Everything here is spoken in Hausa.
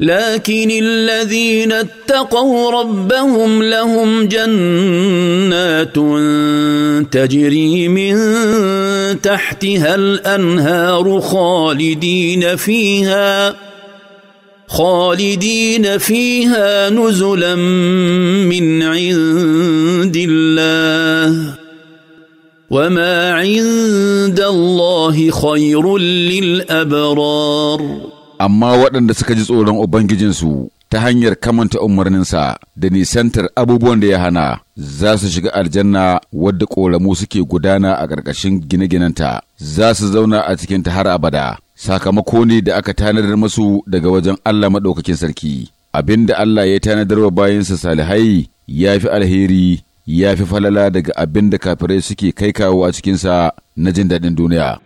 لكن الذين اتقوا ربهم لهم جنات تجري من تحتها الانهار خالدين فيها خالدين فيها نزلا من عند الله وما عند الله خير للابرار amma waɗanda suka ji tsoron Ubangijinsu ta hanyar kamanta umarninsa da nisantar abubuwan da ya hana za su shiga aljanna wadda ƙoramu suke gudana a ƙarƙashin gine-ginenta za su zauna a cikin ta har abada sakamako ne da aka tanadar masu daga wajen Allah maɗaukakin sarki abin da Allah ya tanadar wa bayansa salihai ya fi alheri ya fi falala daga abin da kafirai suke kai kawo a cikinsa na jin daɗin duniya.